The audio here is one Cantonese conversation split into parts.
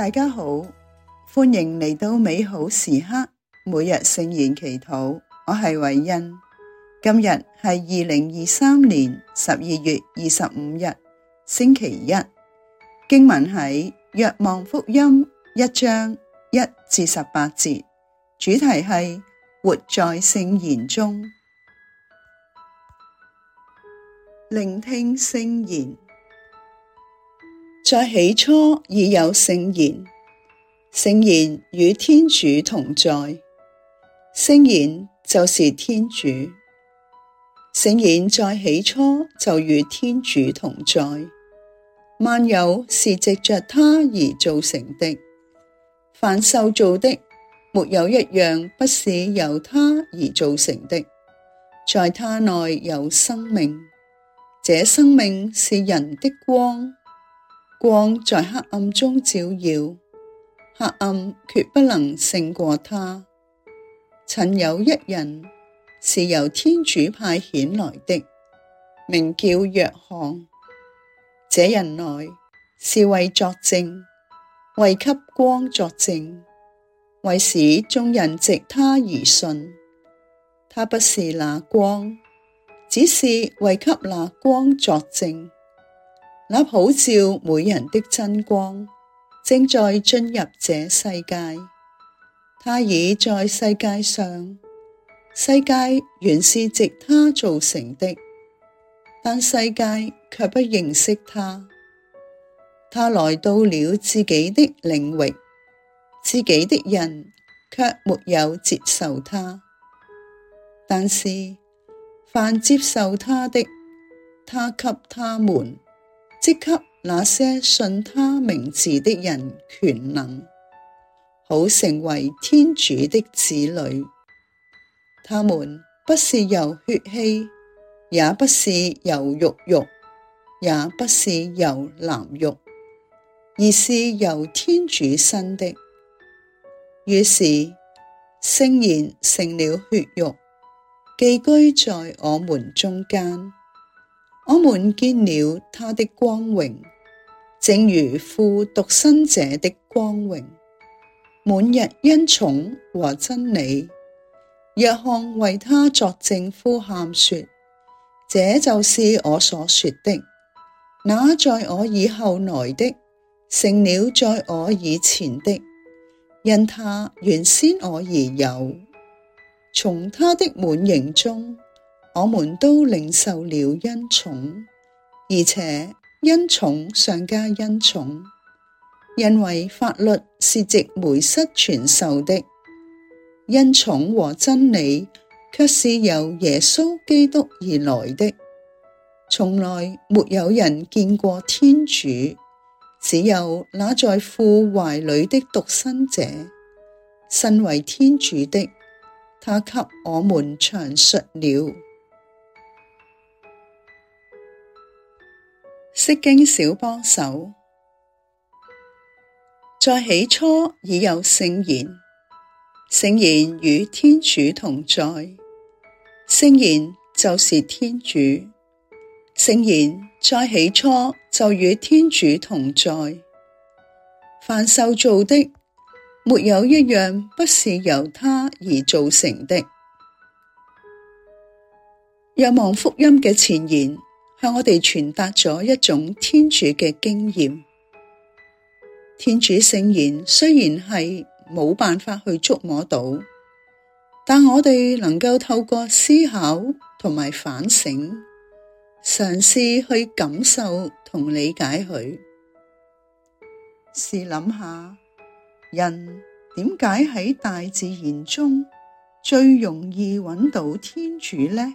大家好，歡迎嚟到美好時刻，每日聖言祈禱。我係韋恩，今日係二零二三年十二月二十五日，星期一。經文喺《若望福音》一章一至十八節，主題係活在聖言中，聆聽聖言。在起初已有聖言，聖言與天主同在，聖言就是天主，聖言在起初就與天主同在。萬有是藉着祂而造成的，凡受造的，沒有一樣不是由祂而造成的，在祂內有生命，這生命是人的光。光在黑暗中照耀，黑暗決不能勝過他。曾有一人是由天主派遣來的，名叫若翰。這人來是為作證，為給光作證，為使眾人藉他而信。他不是那光，只是為給那光作證。那普照每人的真光，正在進入這世界，他已在世界上，世界原是藉他造成的，但世界卻不認識他。他來到了自己的領域，自己的人卻沒有接受他。但是，凡接受他的，他給他們。即給那些信他名字的人權能，好成為天主的子女。他們不是由血氣，也不是由肉欲，也不是由男欲，而是由天主生的。於是聖言成了血肉，寄居在我們中間。我們見了他的光榮，正如父獨生者的光榮，滿溢恩寵和真理。若翰為他作證呼喊說：這就是我所說的，那在我以後來的，成了在我以前的，因他原先我而有，從他的滿盈中。我們都領受了恩寵，而且恩寵上加恩寵，因為法律是藉梅瑟傳授的，恩寵和真理卻是由耶穌基督而來的。從來沒有人見過天主，只有那在父懷裏的獨生者，身為天主的他，給我們詳述了。釋經小幫手，在起初已有聖言，聖言與天主同在，聖言就是天主。聖言在起初就與天主同在，凡受造的，沒有一樣不是由他而造成的。若望福音嘅前言。向我哋傳達咗一種天主嘅經驗，天主聖言雖然係冇辦法去觸摸到，但我哋能夠透過思考同埋反省，嘗試去感受同理解佢。試諗下，人點解喺大自然中最容易揾到天主呢？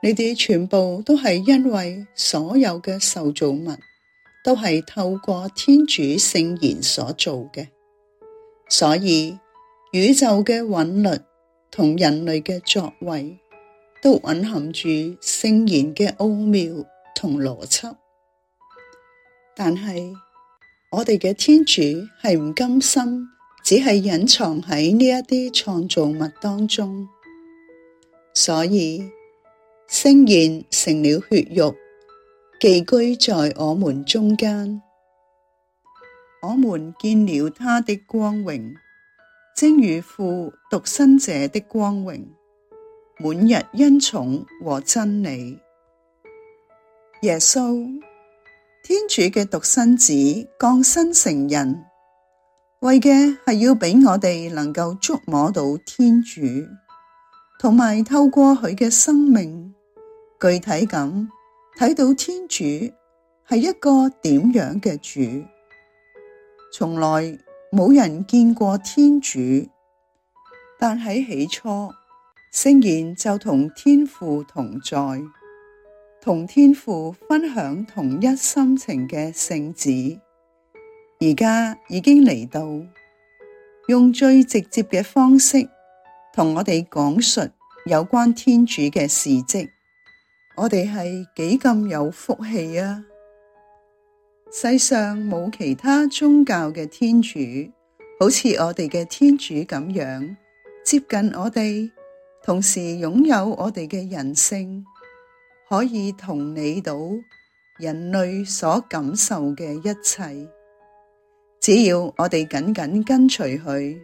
你哋全部都係因為所有嘅受造物都係透過天主聖言所做嘅，所以宇宙嘅韻律同人類嘅作為都蘊含住聖言嘅奧妙同邏輯。但係我哋嘅天主係唔甘心，只係隱藏喺呢一啲創造物當中，所以。聖言成了血肉，寄居在我們中間。我們見了他的光榮，正如父獨生者的光榮，滿溢恩寵和真理。耶穌，天主嘅獨生子降生成人，為嘅係要俾我哋能夠觸摸到天主，同埋透過佢嘅生命。具體咁睇到天主係一個點樣嘅主。從來冇人見過天主，但喺起初，聖言就同天父同在，同天父分享同一心情嘅聖子。而家已經嚟到用最直接嘅方式同我哋講述有關天主嘅事蹟。我哋係幾咁有福氣啊！世上冇其他宗教嘅天主，好似我哋嘅天主咁樣接近我哋，同時擁有我哋嘅人性，可以同理到人類所感受嘅一切。只要我哋緊緊跟隨佢，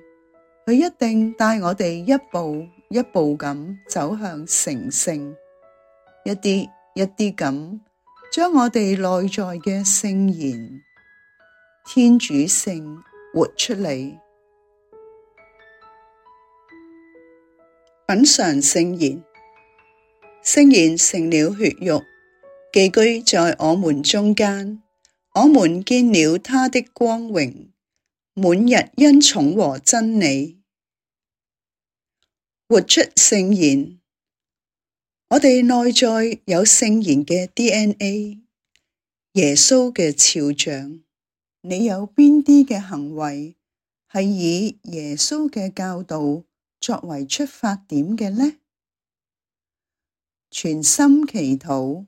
佢一定帶我哋一步一步咁走向成聖。一啲一啲咁，將我哋內在嘅聖言、天主性活出嚟。品嚐聖言，聖言成了血肉，寄居在我們中間，我們見了他的光榮，滿溢恩寵和真理，活出聖言。我哋內在有聖言嘅 DNA，耶穌嘅肖像。你有邊啲嘅行為係以耶穌嘅教導作為出發點嘅呢？全心祈禱，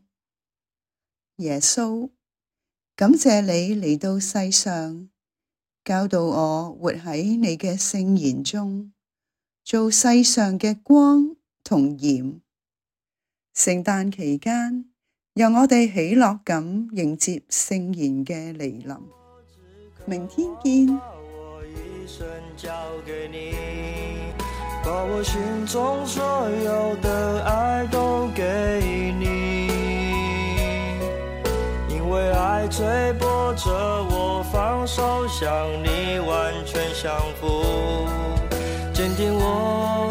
耶穌，感謝你嚟到世上教導我活喺你嘅聖言中，做世上嘅光同鹽。聖誕期間，讓我哋喜樂咁迎接聖言嘅來臨。明天見。把我一生交給你，把我心中所有的愛都給你，因為愛催迫着我，放手向你完全相符，堅定我